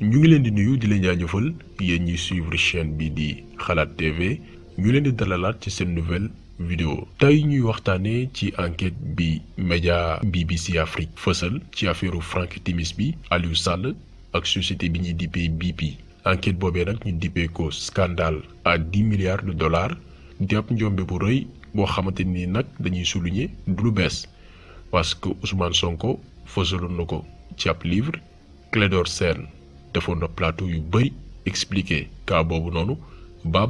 ñu ngi leen di nuyu di leen jaajëfal yéen ñuy suivre chaîne bi di xalaat TV ñu leen di dalalaat ci seen nouvelle vidéo tey ñuy waxtaanee ci enquête bi média BBC Afrique fësal ci affaireu Frank Timis bi Aliou Sall ak société bi ñuy dippee BP enquête boobee nag ñu dippee ko scandale à dix milliards de dollars di ab njombe bu rëy boo xamante ni nag dañuy souligner du lu bees parce que Ousmane Sonko fësaloon na ko ci ab livre Clédor Sène defoon na plateau yu bëri expliqué cas boobu noonu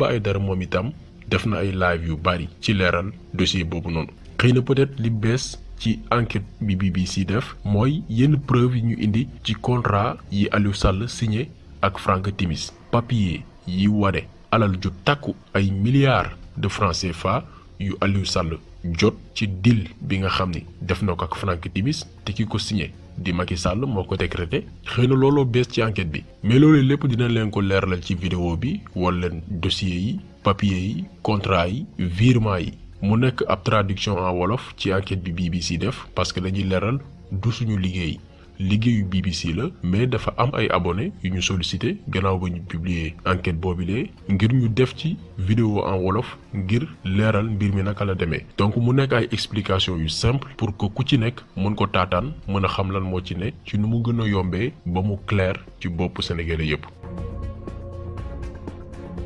ay dara moom itam def na ay live yu bëri ci leeral dossier boobu noonu. xëy na peut-être li bees ci enquête bi bi BBC def mooy yenn preuve yi ñu indi ci contrat yi Aliou Sall signé ak Frank Timis papier yi ware alal ju takku ay milliards de francs CFA yu Aliou Sall jot ci deal bi nga xam ni def na ko ak Frank Timis te ki ko signé di Macky Sall moo ko décrété xëy na looloo bés ci enquête bi mais loolu lépp dina leen ko leeralal ci vidéo bi wala leen dossier yi papier yi contrat yi virement yi mu nekk ab traduction en wolof ci enquête bi BBC def parce que dañuy leeral du suñu liggéey liggéeyu BBC la mais dafa am ay abonné yu ñu sollicité gannaaw ba ñu publier enquête boobilee ngir ñu def ci vidéo en wolof ngir leeral mbir mi naka la demee donc mu nekk ay explication yu simple pour ko ku ci nekk mën ko taataan mën a xam lan moo ci ne ci nu mu gën a yombee ba mu clair ci bopp sénégalais yépp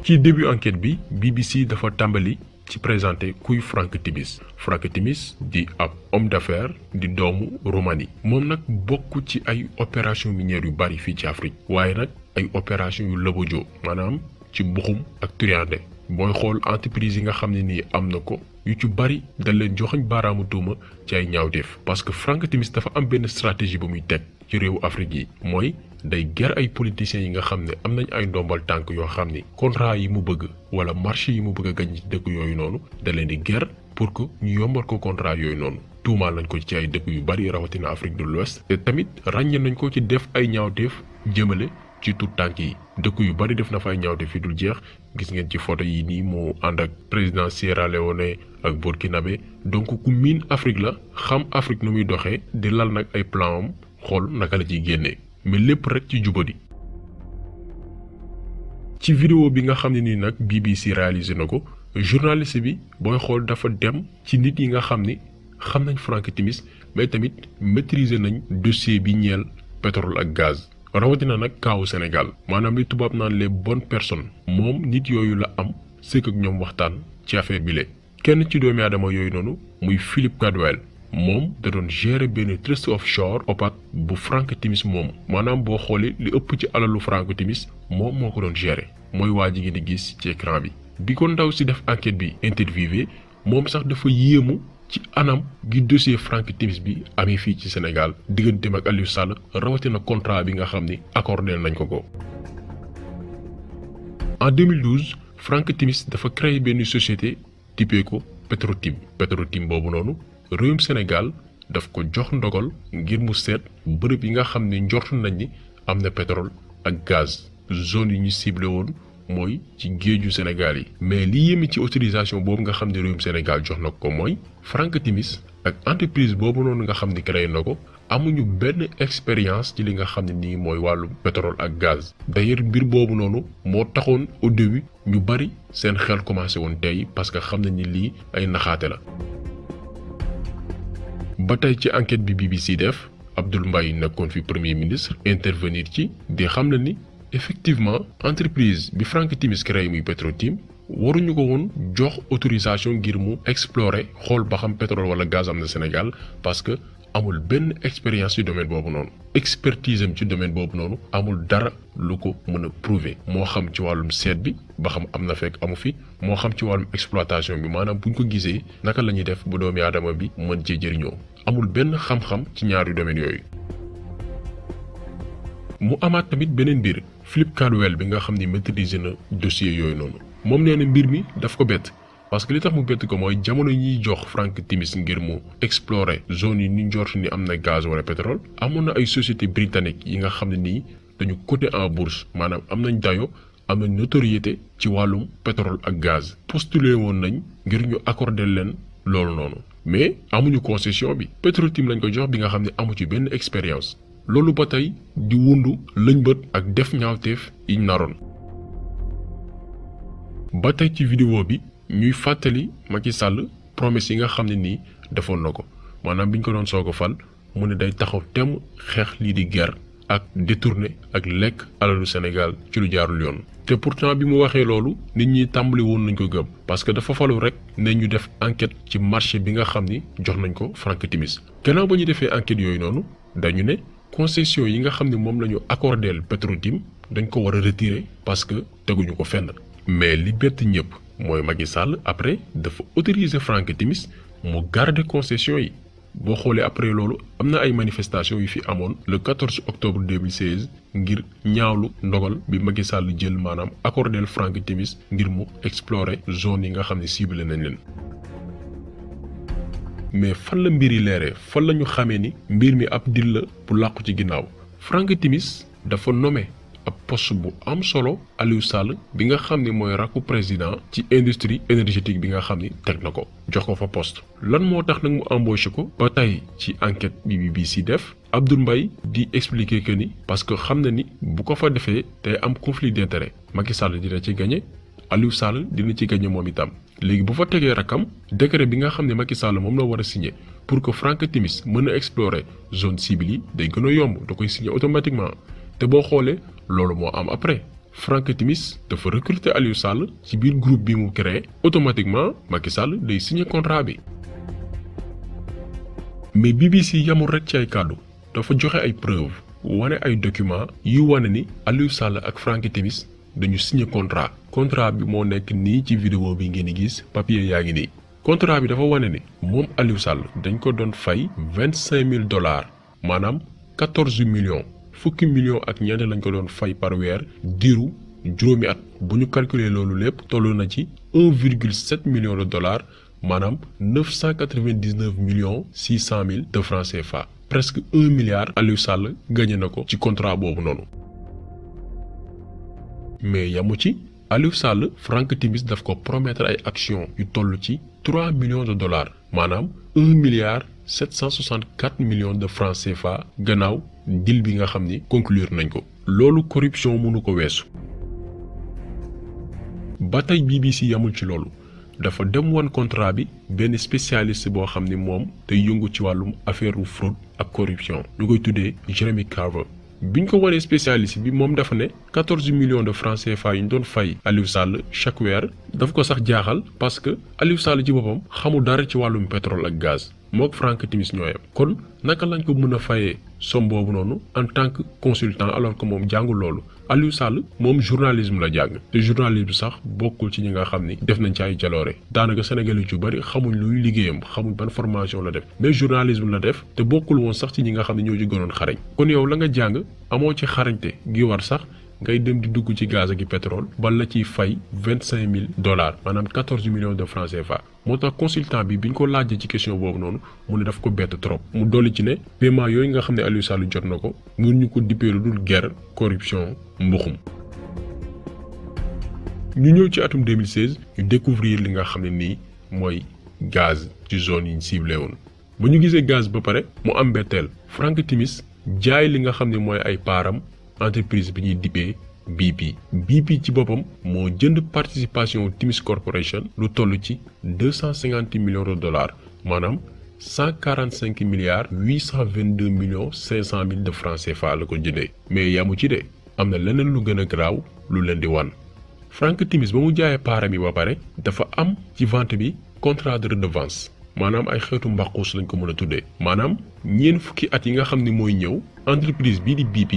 ci début enquête bi BBC dafa tàmbali ci présenté kuy Franck Timis Franck Timis di ab homme d'affaires di doomu Roumanie moom nag bokk ci ay opération minière yu bari fii ci Afrique waaye nag ay opération yu lëbëjoo maanaam ci mbuxum ak turiande booy xool entreprise yi nga xam ne nii am na ko yu ci bari dañ leen joxañ baaraamu tuuma ci ay ñaawteef parce que Frank Timis dafa am benn stratégie bu muy teg ci réew Afrique yi mooy day ger ay politiciens yi nga xam ne am nañ ay ndombal tànk yoo xam ni contrat yi mu bëgg wala marché yi mu bëgg a gañ ci dëkk yooyu noonu da leen di ger pour que ñu yombal ko contrat yooyu noonu tuumaal nañ ko ci ay dëkk yu bari rawatina Afrique de l'Ouest te tamit ràññe nañ ko ci def ay ñaawteef jëmale ci tout tànk yi dëkk yu bari def na fay ñaawte fi dul jeex gis ngeen ci photo yi nii mu ànd ak président Sierra Leone ak Burkinabé donc miin Afrique la xam Afrique nu muy doxee di lal nag ay plan xool naka la ciy génnee mais lépp rek ci jubadi ci vidéo bi nga xam ne nii nag BBC réalisé na ko journaliste bi booy xool dafa dem ci nit yi nga xam ni xam nañ Frank Timis mais tamit maîtriser nañ dossier bi ñeel pétrole ak gaz rawatina nag kaawu Sénégal maanaam li tubaab naan les bonne personne moom nit yooyu la am sëkk ak ñoom waxtaan ci affaire bi le kenn ci doomi aadama yooyu noonu muy Philip Cadwell moom da doon gérer benn trust offshore opat bu Frank Timis moom maanaam boo xoolee li ëpp ci alalu Frank Timis moom moo ko doon gérer mooy waa ji ngi di gis ci écran bi bi ko ndaw si def enquête bi interviewé moom sax dafa yéemu ci anam gi dossier Frank Timis bi amee fii ci Sénégal digganteem ma Aliou Sall rawatina contrat bi nga xam ni accordé nañ ko ko. en 2012 Frank Timis dafa créé benn société tippee ko Petrotim Petrotim boobu noonu réewum Sénégal daf ko jox ndogal ngir mu seet bërëb yi nga xam ne njort nañ ni am na pétrole ak gaz zone yi ñu ciblé woon mooy ci géeju Sénégal yi mais li yéeme ci autorisation boobu nga xam ne réewum Sénégal jox na ko mooy Frank Timis ak entreprise boobu noonu nga xam ne créé na ko amuñu benn expérience ci li nga xam ne nii mooy wàllu pétrole ak gaz d'ailleurs mbir boobu noonu moo taxoon au début ñu bari seen xel commencé woon tey parce que xam nañ ni lii ay naxaate la ba tey ci enquête bi BBC def Abdoul Mbaye nekkoon fi premier ministre intervenir ci di xam na ni effectivement entreprise bi Frank Timis créé muy waru ñu ko woon jox autorisation ngir mu explore xool ba xam pétrole wala gaz am na Sénégal parce que amul benn expérience ci domaine boobu noonu expertise am ci domaine boobu noonu amul dara lu ko mën a prouver moo xam ci wàllum seet bi ba xam am na fekk amu fi moo xam ci wàllum exploitation bi maanaam buñ ko gisee naka la ñuy def bu doomi aadama bi mën cee jëriñoo amul benn xam-xam ci ñaari domaines yooyu mu amaat tamit beneen mbir Philip Kadewel bi nga xam ni maîtriser na dossier yooyu noonu moom nee na mbir mi daf ko bett parce que li tax mu bett ko mooy jamono ñuy jox Frank Timis ngir mu explorer zone yi ñu njort ni am na gaz wala pétrole amoon na ay société britannique yi nga xam ne nii dañu coté en bourse maanaam am nañ dayo am nañ notoriété ci wàllum pétrole ak gaz postulé woon nañ ngir ñu accorder leen loolu noonu mais amuñu concession bi Petro-Tim lañ ko jox bi nga xam ne amu ci benn expérience loolu ba tey di wundu lëñbët ak def ñaawteef yiñ naroon. ba tey ci vidéo bi ñuy fàttali Macky Sall promesse yi nga xam ne nii defoon na ko maanaam biñ ko doon soog a fal mu ne day taxaw temm xeex lii di guerre ak détourné ak lekk alalu Sénégal ci lu jaarul yoon. te pourtant bi mu waxee loolu nit ñi tàmbali woon nañ ko gëm parce que dafa falu rek ne ñu def enquête ci marché bi nga xam ni jox nañ ko Frank Timis gannaaw ba ñu defee enquête yooyu noonu dañu ne. concession yi nga xam ne moom la ñu accordeel Petrotim dañ ko war a retirer parce que teguñu ko fenn mais li bett ñëpp mooy Macky Sall après dafa autoriser Frank Timis mu garder concession yi boo xoolee après loolu am na ay manifestations yu fi amoon le 14 octobre 2016 ngir ñaawlu ndogal bi Macky Sall jël maanaam accordeel Frank Timis ngir mu explorer zone yi nga xam ne ciblé nañ leen. mais fan la mbir yi leeree fan la ñu xamee ni mbir mi ab dil la bu làqu ci ginnaaw Frank Timis dafa nommé ab post bu am solo Aliou Sall bi nga xam ni mooy rakku président ci industrie énergétique bi nga xam ni teg na ko jox ko fa post lan moo tax nag mu embauché ko ba tey ci enquête bi BBC def Abdoul mbay di expliquer que ni parce que xam na ni bu ko fa defee te am conflit d'intérêt Macky Sall dina ci gagné Aliou Sall dina ci gagné moom itam. léegi bu fa tegee rakkam décret bi nga xam ne Macky Sall moom la war a signé pour que Franck Timis mën na explorer zone cible yi day gën yomb da koy signé automatiquement te boo xoolee loolu moo am après Franck Timis dafa recruter Aliou Sall ci biir groupe bi mu créé automatiquement Macky Sall day signé contrat bi. mais BBC yamul rek ci ay kàddu dafa joxe ay preuves wane ay documents yu wane ni Aliou Sall ak Franck Timis dañu signé contrat contrat bi moo nekk nii ci vidéo bi ngeen di gis papier yaa ngi nii contrat bi dafa wane ni moom Aliou Sall dañ ko doon fay vingt cinq mille dollars maanaam quatorze millions fukki millions ak ñeent lañ ko doon fay par weer diiru juróomi at bu ñu calculer loolu lépp toll na ci un virgule sept millions de dollars maanaam neuf cent quatre vingt dix neuf millions six mille de francs fa presque un milliard Aliou Sall gagné na ko ci contrat boobu noonu. mais yamu ci Aliou Sall Frank Timis daf ko promettre ay actions yu toll ci 3 millions de dollars maanaam 1 milliard 764 millions de francs CFA gannaaw deal bi nga xam ni conclure nañ ko. loolu corruption mënu ko weesu. ba tey BBC yamul ci loolu dafa dem woon contrat bi benn spécialiste boo xam ni moom te yëngu ci wàllum affaire fraude ak corruption ñu koy tuddee Jeremy Carver. bi ñu ko wanee spécialiste bi moom dafa ne quatorze millions de francs CFA yu ñu doon fay Aliou Sall chaque weer dafa ko sax jaaxal parce que Aliou Sall ci boppam xamul dara ci wàllum pétrole ak gaz mook Frank Timis ñooyam kon naka lañ ko mën a fayee somme boobu noonu en tant que consultant alors que moom jàngul loolu Aliou Sall moom journalisme la jàng te journalisme sax bokkul ci ñi nga xam ni def nañ ci ay jaloore daanaka Sénégal yu bari bëri xamuñ luy liggéeyam xamuñ ban formation la def mais journalisme la def te bokkul woon sax ci ñi nga xam ne ñoo ci gënoon xarañ kon yow la nga jàng amoo ci xarañte gi war sax ngay dem di dugg ci gaz ak i pétrole bal la ciy fay vingt cinq mille dollars maanaam quatorze millions de francs fa moo tax consultant bi bi ñu ko laajee ci question boobu noonu mu ne daf ko bett trop mu dolli ci ne paiement yooyu nga xam ne Aliou Sall jot na ko mën ñu ko dippee lu dul guerre corruption mbuxum ñu ñëw ci atum 2016 ñu découvrir li nga xam ne nii mooy gaz ci zone yi ñu ciblé woon ba ñu gisee gaz ba pare mu am mbetteel Frank Timis jaay li nga xam ne mooy ay paaram entreprise bi ñuy dibee BP BP ci boppam moo jënd participation Timis Corporation lu toll ci deux cent cinquante millions de dollars maanaam cent quarante cinq milliards huit cent vingt deux millions cinq cent mille de francs CFA la ko jëndee. mais yamu ci de am na leneen lu gën a garaaw lu leen di wan Frank Timis ba mu jaayee paara bi ba pare dafa am ci vente bi contrat de redevance maanaam ay xeetu mbaqus lañ ko mën a tuddee maanaam ñeent fukki at yi nga xam ni mooy ñëw. entreprise bii di BP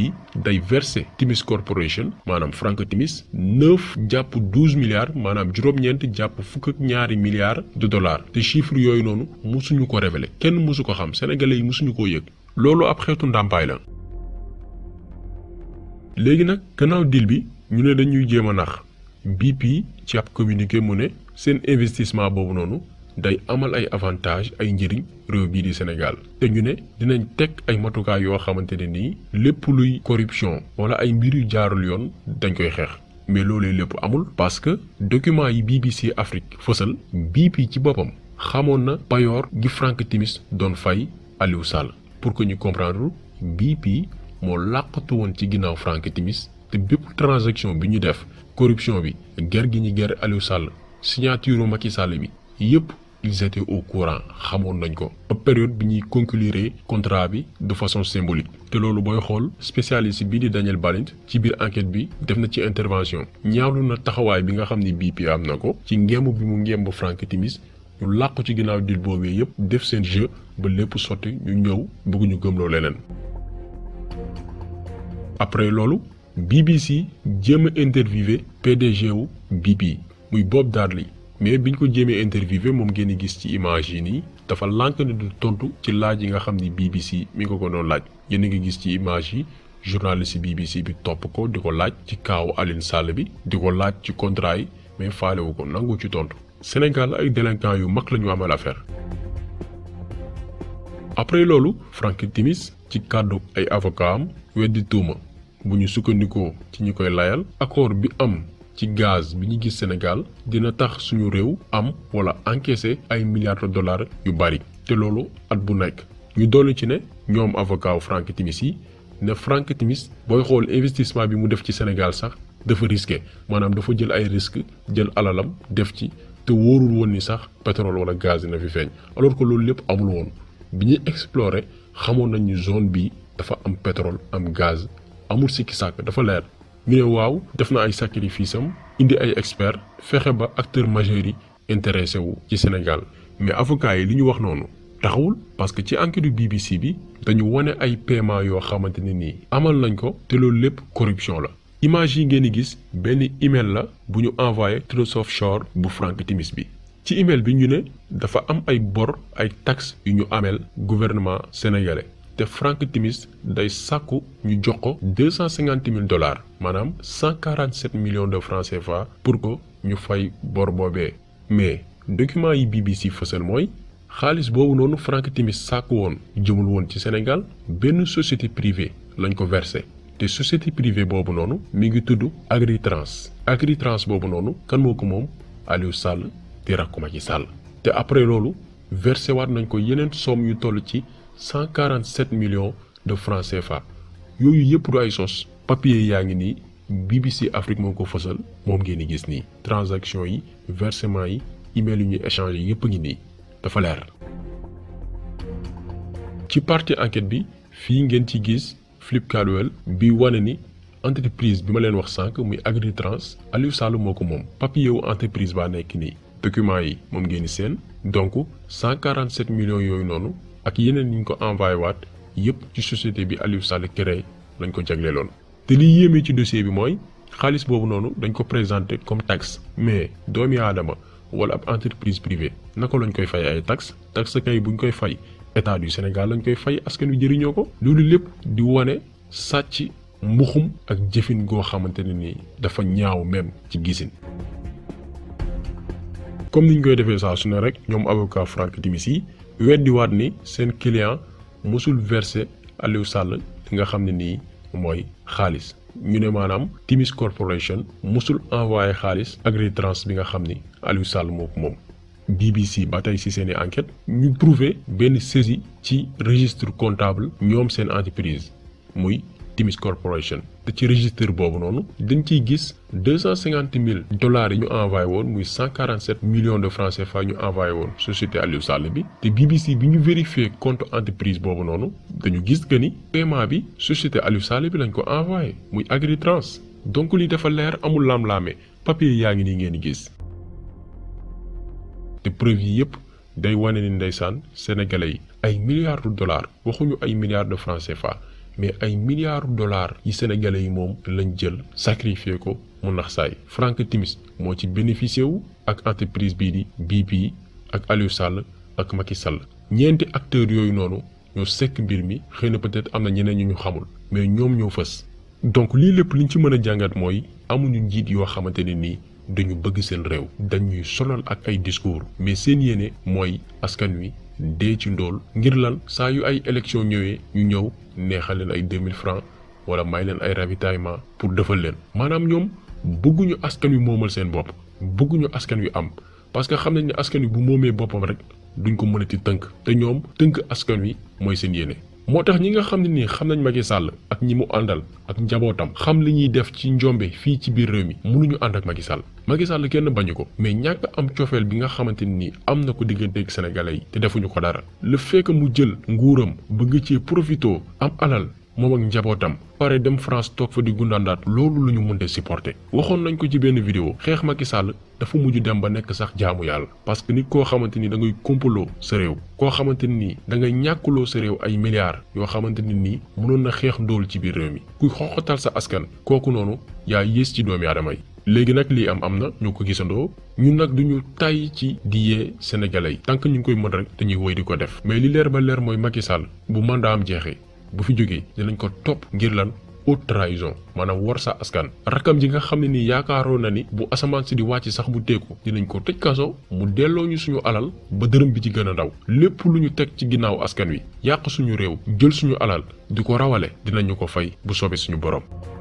day verser Timis Corporation maanaam Frank Timis neuf jàpp douze milliards maanaam juróom-ñeent jàpp fukk ak ñaari milliards de dollars te chiffre yooyu noonu mosuñu ko révéler kenn mosu ko xam sénégalais yi mosuñu koo yëg loolu ab xeetu ndàmpaay la. léegi nag gannaaw dil bi ñu ne dañuy jéem a nax BP ci ab communiqué mu ne seen investissement boobu noonu. day amal ay avantages ay njëriñ réew bii di Sénégal te ne dinañ teg ay matukaay yoo xamante ne nii lépp luy corruption wala ay mbir yu jaarul yoon dañ koy xeex mais loolee lépp amul parce que document yi BBC Afrique fësal BP ci boppam xamoon na payoor gi Frank Timis doon fay Aliou Sall pour que ñu comprendre BP moo làqatu woon ci ginnaaw Frank Timis te bépp transaction bi ñu def corruption bi ger gi ñu ger Aliou Sall signature Macky Sall bi yëpp ils étaient au courant xamoon nañ ko ba période bi ñuy conclure contrat bi de façon symbolique te loolu booy xool spécialiste bi di Daniel Balint ci biir enquête bi def na ci intervention ñaawlu na taxawaay bi nga xam ne BP am na ko ci ngemb bi mu ngemb Frank Timis ñu làqu ci ginnaaw dil boobee yëpp def seen jeu ba lépp sotti ñu ñëw bëgg ñu gëmloo leneen après loolu BBC jéem a interviewé PDG wu mais biñ ko jéemee interviewé moom ngeen di gis ci image yi nii dafa lànk ne du tontu ci laaj yi nga xam ni BBC mi ngi ko doon laaj yéen a ngi gis ci image yi journaliste BBC bi topp ko di ko laaj ci kaawu aline Sall bi di ko laaj ci contrat yi mais faalewu ko nangu ci tontu. Sénégal ay délinquants yu mag la ñu amal affaire. après loolu Frank Timis ci kàddu ay avocat am tuuma bu ñu sukkandikoo ci ñi koy layal accord bi am. ci gaz bi ñu gis Sénégal dina tax suñu réew am wala encaisser ay milliards de dollars yu bari te loolu at bu nekk ñu dolli ci ne ñoom avocat wu Frank Timis yi ne Frank Timis booy xool investissement bi mu def ci Sénégal sax dafa risqué maanaam dafa jël ay risques jël alalam def ci te wóorul woon ni sax pétrole wala gaz dina fi feeñ alors ko loolu lépp amul woon bi ñuy explorer xamoon nañ ni zone bii dafa am pétrole am gaz amul sikki sàkk dafa leer. ñu ne waaw def na ay sacrifice am indi ay expert fexe ba acteurs majeurs yi intéressé wu ci Sénégal mais avocats yi li ñu wax noonu taxawul parce que ci enquête du BBC bi dañu wane ay paiement yoo xamante ne nii amal nañ ko te loolu lépp corruption la image yi ngeen di gis benn email la bu ñu envoyé Trust Offshore bu Frank Timis bi ci email bi ñu ne dafa am ay bor ay taxes yu ñu ameel gouvernement sénégalais te Frank Timis day sàkku ñu jox ko deux cent cinquante mille dollars maanaam cent quarante sept millions de frances CFA pour ko ñu fay bor boobee. mais document yi BBC fësal mooy xaalis boobu noonu Frank Timis sàkku woon jëmul woon ci Sénégal benn société privée lañ ko versé. te société privée boobu noonu mi ngi tudd agritrance agritrance boobu noonu kan moo ko moom Aliou Sall di rakku Macky Sall te après loolu versé waat nañ ko yeneen somme yu toll ci cent quarante sept millions de francais CFA yooyu yëpp du ay sos papier yaa ngi nii BBC Afrique moo ko fësal moom ngeen di gis nii transaction yi versement yi email yu ñu échangé yëpp a ngi nii dafa leer. ci partie enquête bi fii ngeen ci gis Philip Caldwell bi wane ni entreprise bi ma leen wax cinq muy Agritrans Aliou Sall moo ko moom papier wu entreprise baa nekk nii document yi moom ngeen di seen donc cent quarante sept millions yooyu noonu. ak yeneen yi ñu ko envoyé waat yépp ci société bi Aliou Sall créé lañ ko jagleeloon. te liy yéeme ci dossier bi mooy xaalis boobu noonu dañ ko présenté comme taxe mais doomi aadama wala ab entreprise privée naka lañ koy fay ay tax taxe sa kay buñ koy fay état du Sénégal lañ koy fay askan wi jëriñoo ko. loolu lépp di wane sàcc mbuxum ak jëfin goo xamante ne ni dafa ñaaw même ci gisin. comme niñ koy defee saa su ne rek ñoom avocat Franck Timis weddiwaat ni seen client mosul versé Aliou Sall li nga xam ne nii mooy xaalis ñu ne maanaam Timis Corporation mosul envoyé xaalis Agritrans bi nga xam ni Aliou Sall moo moom. BBC ba tey ci seeni enquête ñu prouvé benn saisie ci registre comptable ñoom seen entreprise muy. Timis Corporation te ci registre boobu noonu dañ ciy gis deux cent cinquante mille dollars yi ñu envoyé woon muy cent quarante sept millions de francs CFA ñu envoyé woon société Aliou Sall bi te BBC bi ñu vérifié compte entreprise boobu noonu dañu gis que ni paiement bi société Aliou Sall bi lañ ko envoyé muy Agritrans donc li dafa leer amul lam-laame papier yaa ngi nii ngeen gis te preuve yi yëpp day wane ni ndeysaan sénégalais yi ay milliards de dollars waxuñu ay milliards de francs CFA mais ay milliards dollars yi sénégalais yi moom lañ jël sacrifié ko mu nax saay Frank Timis moo ci bénéficié wu ak entreprise bii bii BP ak Aliou Sall ak Macky Sall ñeenti acteurs yooyu noonu ñoo sekk mbir mi xëy na peut-être am na ñeneen ñu ñu xamul mais ñoom ñoo fës. donc lii lépp liñ ci mën a jàngat mooy amuñu njiit yoo xamante ne nii dañu bëgg seen réew dañuy sonal ak ay discours mais seen yéene mooy askan wi. dee ci ndool ngir lan saa yu ay élection ñëwee ñu ñëw neexal leen ay 2000 francs wala may leen ay ravitaillement pour defal leen maanaam ñoom bëgguñu askan wi moomal seen bopp bëgguñu askan wi am parce que xam nañ ne askan wi bu moomee boppam rek duñ ko mënati tënk te ñoom tënk askan wi mooy seen yéene. moo tax ñi nga xam ne nii xam nañ Macky Sall ak ñi mu àndal ak njabootam xam li ñuy def ci njombe fii ci biir réew mi mënuñu ànd ak Macky Sall Macky kenn bañu ko mais ñàkk am cofeel bi nga xamante ni am na ko digganteeg sénégalais yi te defuñu ko dara le fait que mu jël nguuram bëgg ci profito am alal moom ak njabootam pare dem France toog fa di gundaandaat loolu lu ñu mënte supporter waxoon nañ ko ci benn vidéo xeex Macky sàll dafa mujj dem ba nekk sax jaamu yàlla parce que nit koo xamante ni da ngay kompaloo sa réew koo xamante ni da ngay ñàkkuloo sa réew ay milliards yoo xamante ne nii mënoon na xeex ndóol ci biir réew mi ku xoxatal sa askan kooku noonu yaa yées ci doomi aadama yi léegi nag lii am am na ñoo ko gisandoo ñun nag duñu tàyyi ci di yee sénégalais yi tant ñu ngi koy mën rek dañuy woy di ko def mais li leer ba leer mooy Macky Sall bu mandat am jeexee bu fi jógee dinañ ko topp ngir lan haute trahison maanaam war sa askan rakam ji nga xam ne ni yaakaaroo na ni bu asamaan si di wàcc sax bu teeku dinañ ko tëj kaso mu delloo ñu suñu alal ba dërëm bi ci gën a ndaw lépp lu ñu teg ci ginnaaw askan wi yàq suñu réew jël suñu alal di ko rawale dinañu ko fay bu soobee suñu borom.